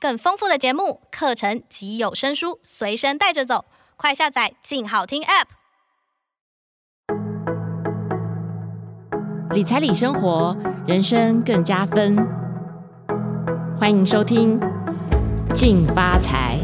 更豐富的節目、課程及有聲書隨身帶着走，快下載“鏡好聽 ”App。理財理生活，人生更加分。歡迎收聽《鏡發財》。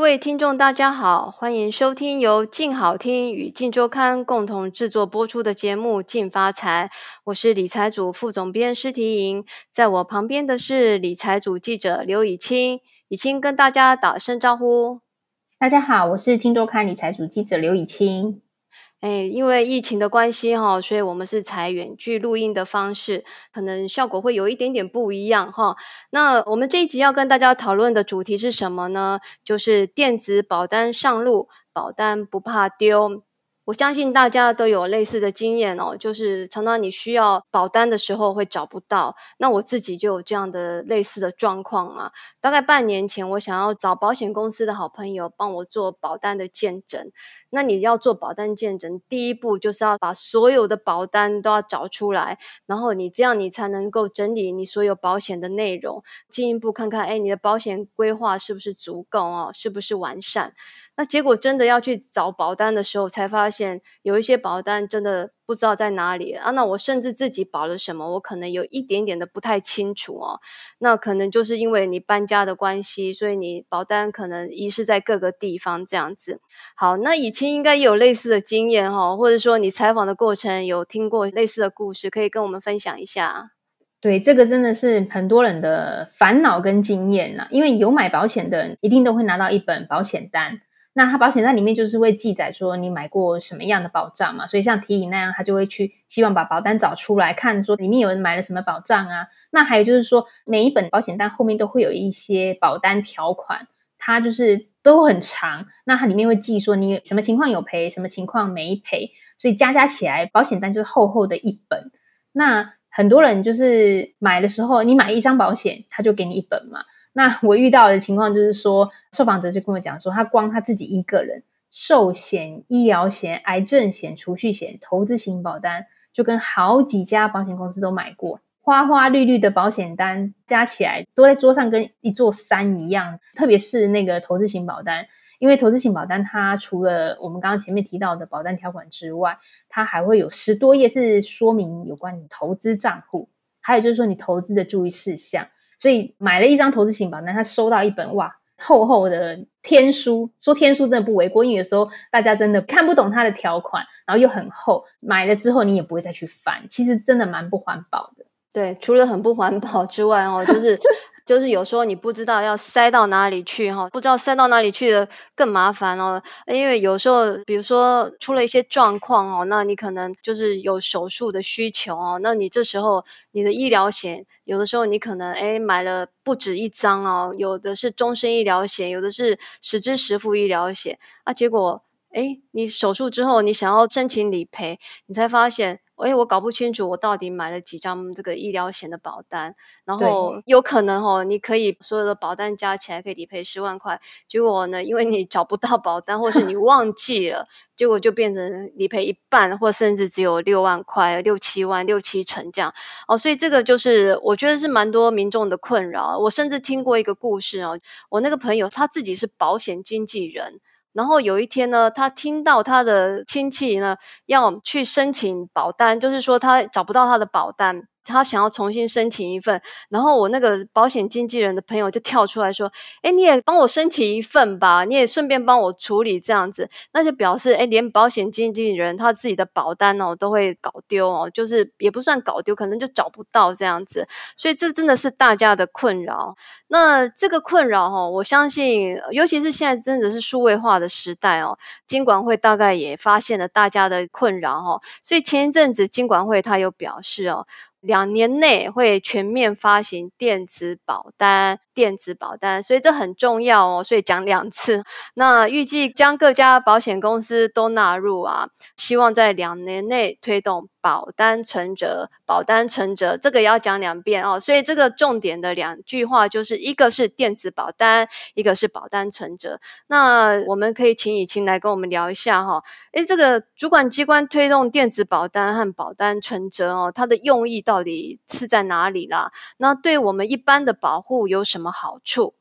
各位聽眾，大家好，歡迎收聽由靜好聽與靜週刊共同制作播出的節目《靜發財》。我是理財組副總編施婷盈，在我旁邊的是理財組記者劉以清。以清跟大家打聲招呼，大家好，我是靜週刊理財組記者劉以清。哎，因為疫情的關係哈，所以我們是採遠距錄音的方式，可能效果會有一點點不一樣哈。那我們這一集要跟大家討論的主題是什麼呢？就是電子保單上路，保單不怕丟。我相信大家都有類似的經驗哦，就是常常你需要保單的時候會找不到。那我自己就有這樣的類似的狀況嘛。大概半年前，我想要找保險公司的好朋友幫我做保單的見證。那你要做保單見證，第一步就是要把所有的保單都要找出來，然後你這樣你才能夠整理你所有保險的內容，進一步看看，誒、欸，你的保險規劃是不是足夠哦，是不是完善？那結果真的要去找保單的時候，才發現有一些保單真的不知道在哪裡啊！那我甚至自己保了什麼，我可能有一點點的不太清楚哦。那可能就是因為你搬家的關係，所以你保單可能遺失在各個地方這樣子。好，那以前應該也有類似的經驗哈、哦，或者說你採訪的過程有聽過類似的故事，可以跟我們分享一下。對，這個真的是很多人的煩惱跟經驗啦、啊，因為有買保險的人一定都會拿到一本保險單。那它保險單裡面就是會記載說你買過什麼樣的保障嘛，所以像提穎那樣，他就會去希望把保單找出來看，說裡面有人買了什麼保障啊。那還有就是說，每一本保險單後面都會有一些保單條款，它就是都很長。那它裡面會記說你什麼情況有賠，什麼情況沒賠，所以加加起來保險單就是厚厚的一本。那很多人就是買的時候，你買一張保險，他就給你一本嘛。那我遇到的情況就是說，受訪者就跟我講說，他光他自己一個人，壽險、醫療險、癌症險、儲蓄險、投資型保單，就跟好幾家保險公司都買過，花花綠綠的保險單加起來都在桌上，跟一座山一樣。特別是那個投資型保單，因為投資型保單它除了我們剛剛前面提到的保單條款之外，它還會有十多頁是說明有關投資賬戶，還有就是說你投資的注意事項。所以買了一張投資型保單，那他收到一本哇，厚厚的天書，說天書真的不為過。因為有時候大家真的看不懂它的條款，然後又很厚，買了之後你也不會再去翻，其實真的蠻不環保的。對，除了很不環保之外，哦，就是就是有時候你不知道要塞到哪裡去，哦，哈，不知道塞到哪裡去的更麻煩哦。因為有時候，比如說出了一些狀況，哦，那你可能就是有手術的需求，哦，那你這時候你的醫療險，有的時候你可能誒買了不止一張哦，有的是終身醫療險，有的是實支實付醫療險，啊，結果誒你手術之後你想要申請理賠，你才發現。哎，我搞不清楚我到底買了幾張這個醫療險的保單，然後有可能哦，對你可以所有的保單加起來可以理賠十萬塊，結果呢，因為你找不到保單，或是你忘記了， 結果就變成理賠一半，或甚至只有六萬塊、六七萬、六七成這樣。哦，所以這個就是我覺得是蠻多民眾的困擾。我甚至聽過一個故事哦，我那個朋友他自己是保險經紀人。然後有一天呢，他聽到他的親戚呢，要去申請保單，就是說他找不到他的保單。他想要重新申請一份，然後我那個保險經紀人的朋友就跳出來說：“哎，你也幫我申請一份吧，你也順便幫我處理這樣子。”那就表示，哎，連保險經紀人他自己的保單哦，都會搞丟哦，就是也不算搞丟，可能就找不到這樣子。所以這真的是大家的困擾。那這個困擾吼、哦、我相信，尤其是現在真的是數位化的時代哦，金管會大概也發現了大家的困擾哦。所以前一陣子金管會他有表示哦。兩年內會全面發行電子保單，電子保單，所以這很重要哦。所以講兩次，那預計將各家保險公司都納入啊，希望在兩年內推動。保單存摺，保單存摺，這個要講兩遍哦。所以這個重點的兩句話就是，一個是電子保單，一個是保單存摺。那我們可以請以晴來跟我們聊一下哈、哦。誒，這個主管機關推動電子保單和保單存摺哦，它的用意到底是在哪裡啦？那對我們一般的保戶有什麼好處？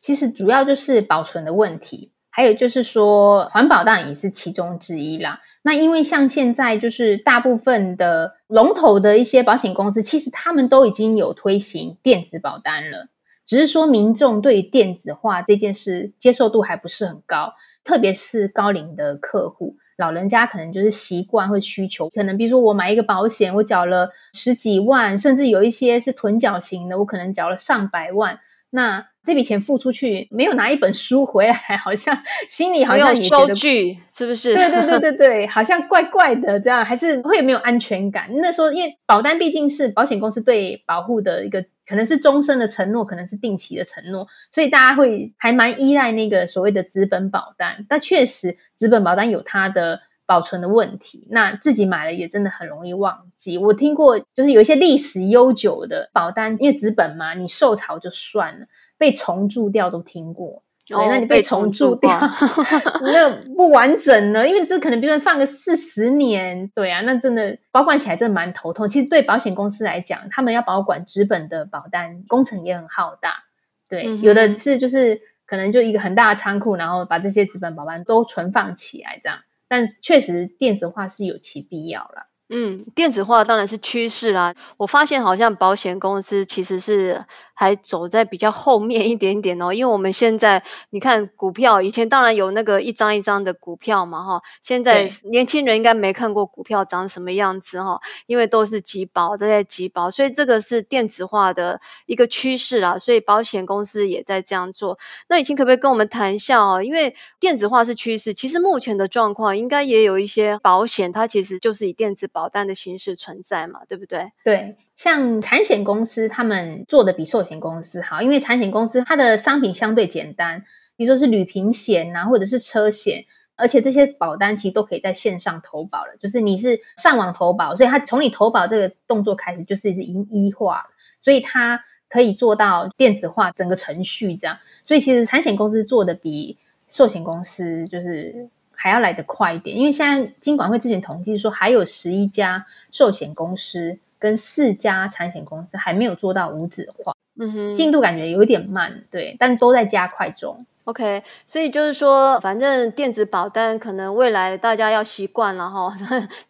其實主要就是保存的問題。還有就是說，環保當然也是其中之一啦。那因為像現在，就是大部分的龍頭的一些保險公司，其實他們都已經有推行電子保單了，只是說民眾對電子化這件事接受度還不是很高，特別是高齡的客戶，老人家可能就是習慣或需求，可能比如說我買一個保險，我繳了十幾萬，甚至有一些是躉繳型的，我可能繳了上百萬。那這筆錢付出去，沒有拿一本書回來，好像心裡好像有收據是不是？對對對對對，好像怪怪的這樣，還是會有沒有安全感。那時候因為保單畢竟是保險公司對保護的一個，可能是終身的承諾，可能是定期的承諾，所以大家會還蠻依賴那個所謂的紙本保單。但確實，紙本保單有它的保存的問題，那自己買了也真的很容易忘記。我聽過，就是有一些歷史悠久的保單，因為紙本嘛，你受潮就算了，被蟲蛀掉都聽過。對，哦、那你被蟲蛀掉，掉 那不完整呢？因為這可能比如說放個四十年，對啊，那真的保管起來真的蠻頭痛。其實對保險公司來講，他們要保管紙本的保單，工程也很浩大。對，嗯、哼有的是就是可能就一個很大的倉庫，然後把這些紙本保單都存放起來，這樣。但確實，電子化是有其必要了。嗯，電子化當然是趨勢啦。我發現好像保險公司其實是還走在比較後面一點點哦，因為我們現在你看股票，以前當然有那個一張一張的股票嘛哈。現在年輕人應該沒看過股票長什麼樣子哈，對因為都是集保，都在集保，所以這個是電子化的一個趨勢啦。所以保險公司也在這樣做。那以前可不可以跟我們談一下哦？因為電子化是趨勢，其實目前的狀況應該也有一些保險，它其實就是以電子保。保單的形式存在嘛，對不對？對，像產險公司，他們做的比壽險公司好，因為產險公司它的商品相對簡單，比如說是旅平險啊，或者是車險，而且這些保單其實都可以在線上投保了，就是你是上網投保，所以它從你投保這個動作開始就是已經 e 化，所以它可以做到電子化整個程序這樣，所以其實產險公司做的比壽險公司就是。還要來得快一點，因為現在金管會之前統計說，還有十一家壽險公司跟四家產險公司還沒有做到無紙化，嗯哼，進度感覺有點慢，對，但都在加快中。OK，所以就是說，反正電子保單可能未來大家要習慣了哈，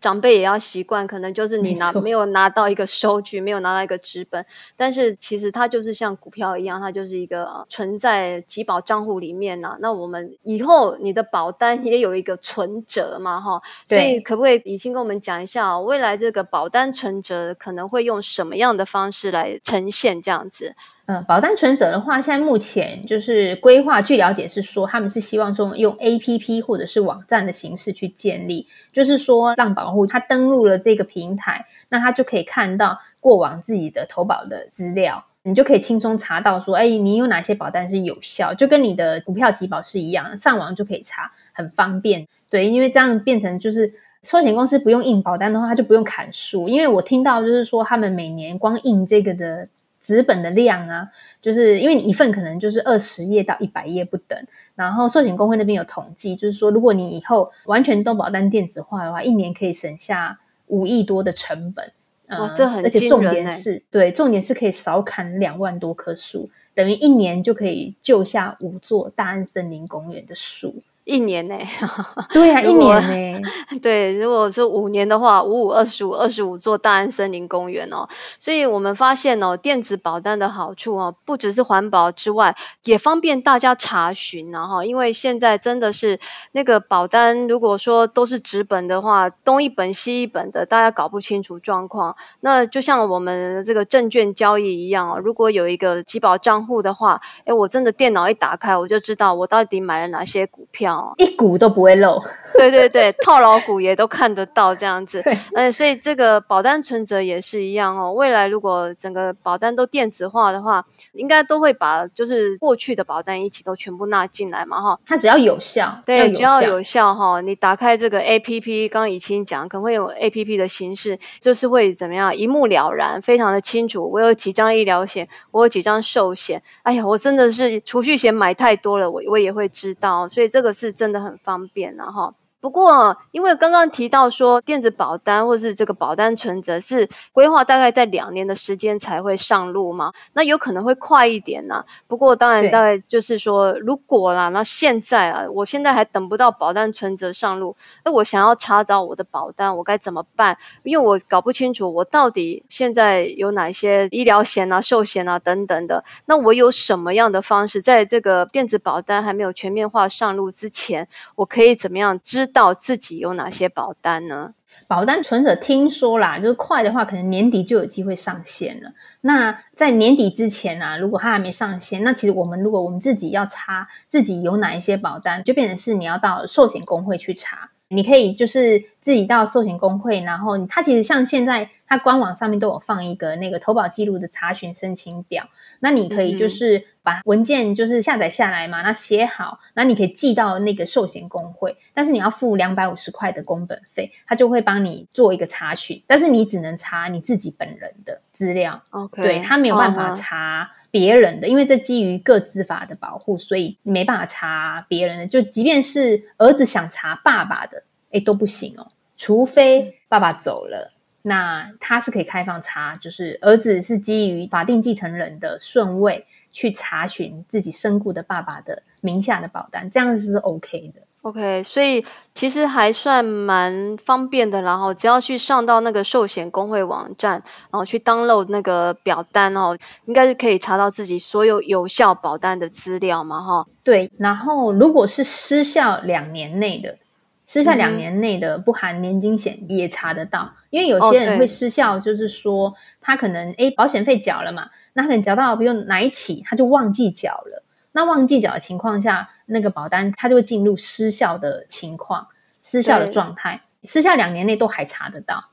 長輩也要習慣，可能就是你拿沒錯，沒有拿到一個收據，沒有拿到一個紙本，但是其實它就是像股票一樣，它就是一個、呃、存在集保賬戶裡面呢、啊。那我們以後你的保單也有一個存摺嘛哈？所以可不可以以欣跟我們講一下、哦，未來這個保單存摺可能會用什麼樣的方式來呈現這樣子？呃，保單存摺的話，現在目前就是規劃。據了解，是說他們是希望說用 APP 或者是網站的形式去建立，就是說讓保戶他登錄了這個平台，那他就可以看到過往自己的投保的資料，你就可以輕鬆查到說，哎，你有哪些保單是有效？就跟你的股票、集保是一樣，上網就可以查，很方便。對，因為這樣變成就是，壽險公司不用印保單的話，他就不用砍樹。因為我聽到就是說，他們每年光印這個的。紙本的量啊，就是因為你一份可能就是二十頁到一百頁不等，然後壽險公會那邊有統計，就是說如果你以後完全都保單電子化的話，一年可以省下五億多的成本，呃、哇，這很、欸，而且重點是對，重點是可以少砍兩萬多棵樹，等於一年就可以救下五座大安森林公園的樹。一年呢、欸？ 對啊，一年呢、欸。對，如果說五年的話，五五二十五，二十五座大安森林公園哦。所以我們發現哦，電子保單的好處哦，不只是環保之外，也方便大家查詢、啊哦，然後因為現在真的是那個保單如果說都是紙本的話，東一本西一本的，大家搞不清楚狀況。那就像我們這個證券交易一樣哦，如果有一個集保賬戶的話，哎，我真的電腦一打開，我就知道我到底買了哪些股票。一股都不會漏， 對對對，套牢股也都看得到這樣子， 對嗯，所以這個保單存摺也是一樣哦。未來如果整個保單都電子化的話，應該都會把就是過去的保單一起都全部納進來嘛哈、哦。它只要有效，對，要只要有效哈、哦。你打開這個 APP，剛剛已經講，可能會有 APP 的形式，就是會怎麼樣，一目了然，非常的清楚。我有幾張醫療險，我有幾張壽險，哎呀，我真的是儲蓄險買太多了，我我也會知道、哦，所以這個是。是真的很方便，然後。不過，因為剛剛提到說電子保單或是這個保單存折是規劃大概在兩年的時間才會上路嘛，那有可能會快一點呢、啊。不過當然，大概就是說，對如果啦，那現在啊，我現在還等不到保單存折上路，那我想要查找我的保單，我該怎麼辦？因為我搞不清楚我到底現在有哪些醫療險啊、壽險啊等等的，那我有什麼樣的方式，在這個電子保單還沒有全面化上路之前，我可以怎麼樣知道？到自己有哪些保單呢？保單存摺聽說啦，就是快的話，可能年底就有機會上線了。那在年底之前啊，如果他還沒上線，那其實我們如果我們自己要查自己有哪一些保單，就變成是你要到壽險公會去查。你可以就是自己到壽險公會，然後他其實像現在他官網上面都有放一個那個投保記錄的查詢申請表，那你可以就是把文件就是下載下來嘛，那、嗯、哼寫好，那你可以寄到那個壽險公會，但是你要付兩百五十塊的工本費，他就會幫你做一個查詢，但是你只能查你自己本人的資料，okay, 對，他沒有辦法查、哦。別人的，因為這基於個資法的保護，所以沒辦法查別人的。就即便是兒子想查爸爸的，誒都不行哦。除非爸爸走了，嗯、那他是可以開放查，就是兒子是基於法定繼承人的順位去查詢自己身故的爸爸的名下的保單，這樣子是 OK 的。OK，所以其實還算蠻方便的，然後只要去上到那個壽險公會網站，然後去 download 那個表單哦，然後應該是可以查到自己所有有效保單的資料嘛，哈。對，然後如果是失效兩年內的，失效兩年內的，嗯、哼不含年金險也查得到，因為有些人會失效，就是說、哦、他可能誒保險費繳了嘛，那他可能繳到比如哪一期他就忘記繳了，那忘記繳的情況下。那個保單，它就會進入失效的情況，失效的狀態，對失效兩年內都還查得到。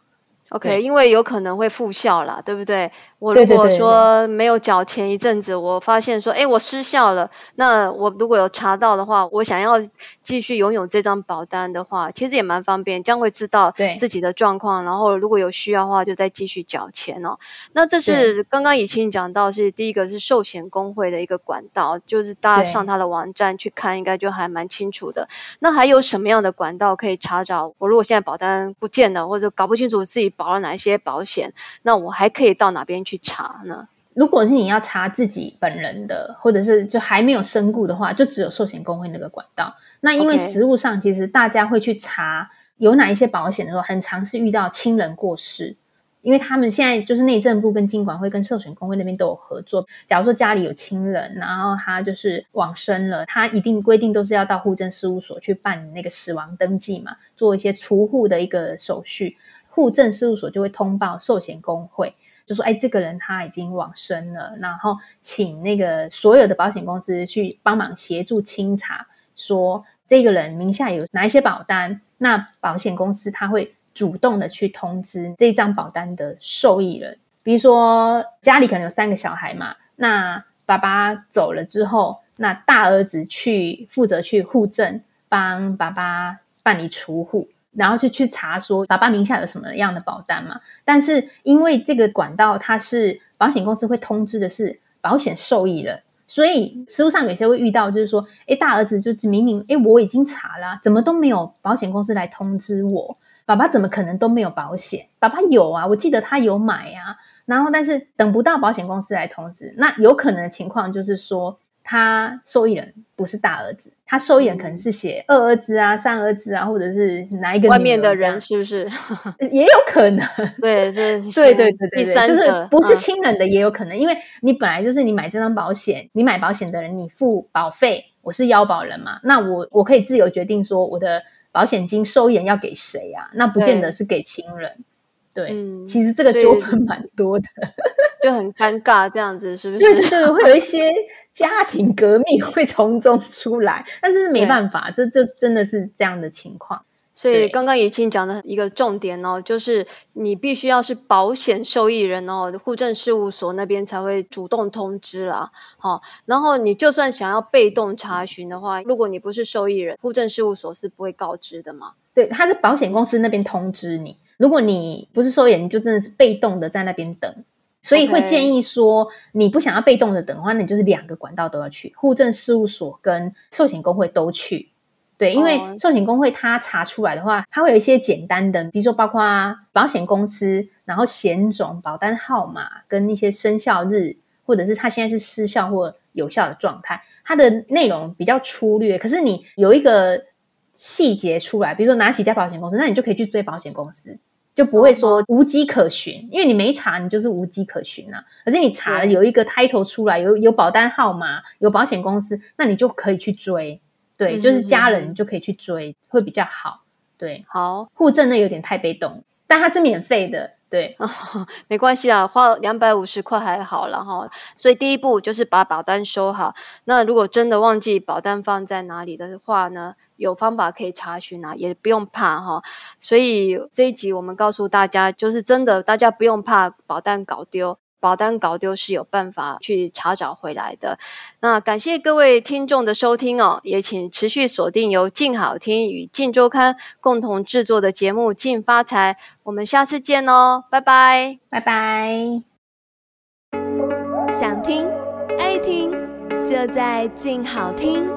OK，對因為有可能會復效啦，對不對？我如果說沒有繳錢一陣子，對對對對對我發現說，哎，我失效了。那我如果有查到的話，我想要繼續擁有這張保單的話，其實也蠻方便，將會知道自己的狀況。對然後如果有需要的話，就再繼續繳錢哦。那這是剛剛以前講到是對第一個是壽險公會的一個管道，就是大家上他的網站去看，對應該就還蠻清楚的。那還有什麼樣的管道可以查找？我如果現在保單不見了，或者搞不清楚自己保了哪一些保險，那我還可以到哪邊去？去查呢？如果是你要查自己本人的，或者是就還沒有身故的話，就只有壽險公會那個管道。那因為實務上，其實大家會去查有哪一些保險的時候，很常是遇到親人過世，因為他們現在就是內政部跟金管會跟壽險公會那邊都有合作。假如說家裡有親人，然後他就是往生了，他一定規定都是要到戶政事務所去辦那個死亡登記嘛，做一些除戶的一個手續，戶政事務所就會通報壽險公會。就說，哎，這個人他已經往生了，然後請那個所有的保險公司去幫忙協助清查，說這個人名下有哪一些保單，那保險公司他會主動的去通知這張保單的受益人，比如說家裡可能有三個小孩嘛，那爸爸走了之後，那大兒子去負責去戶政，幫爸爸辦理除戶。然後就去查說爸爸名下有什麼樣的保單嘛？但是因為這個管道它是保險公司會通知的是保險受益人，所以實務上有些會遇到就是說，誒大兒子就是明明誒我已經查了，怎麼都沒有保險公司來通知我，爸爸怎麼可能都沒有保險？爸爸有啊，我記得他有買啊，然後但是等不到保險公司來通知，那有可能的情況就是說。他受益人不是大兒子，他受益人可能是寫二兒子啊、三兒子啊，或者是哪一個？外面的人是不是也有可能？ 對，這對對對對，就是不是親人的也有可能，啊、因為你本來就是你買這張保險，對你買保險的人，你付保費，我是要保人嘛，那我我可以自由決定說我的保險金受益人要給誰啊？那不見得是給親人。對，對嗯、其實這個糾紛以蠻多的。就很尷尬，這樣子是不是？對對對 會有一些家庭革命會從中出來，但是沒辦法，對這就真的是這樣的情況。所以剛剛也清講的一個重點哦，對就是你必須要是保險受益人哦，戶政事務所那邊才會主動通知啦。好、哦，然後你就算想要被動查詢的話，如果你不是受益人，戶政事務所是不會告知的嘛。對，他是保險公司那邊通知你，如果你不是受益人，你就真的是被動的在那邊等。所以會建議說，你不想要被動的等的話，那你就是兩個管道都要去，戶政事務所跟壽險公會都去。對，因為壽險公會它查出來的話，它會有一些簡單的，比如說包括保險公司，然後險種、保單號碼跟一些生效日，或者是它現在是失效或有效的狀態，它的內容比較粗略。可是你有一個細節出來，比如說哪幾家保險公司，那你就可以去追保險公司。就不會說無跡可尋，嗯、因為你沒查，你就是無跡可尋了、啊。可是你查了，對有一個 title 出來，有有保單號碼，有保險公司，那你就可以去追，對，嗯、就是家人就可以去追，嗯、會比較好。對，好，戶政那有點太被動，但它是免費的。對， 沒關係啊，花了兩百五十塊還好啦，然後所以第一步就是把保單收好。那如果真的忘記保單放在哪裡的話呢，有方法可以查詢啊，也不用怕哈。所以這一集我們告訴大家，就是真的，大家不用怕保單搞丟。保單搞丟是有辦法去查找回來的。那感謝各位聽眾的收聽哦，也請持續鎖定由鏡好聽與鏡週刊共同制作的節目《鏡發財》，我們下次見哦，拜拜，拜拜。想聽愛聽，就在鏡好聽。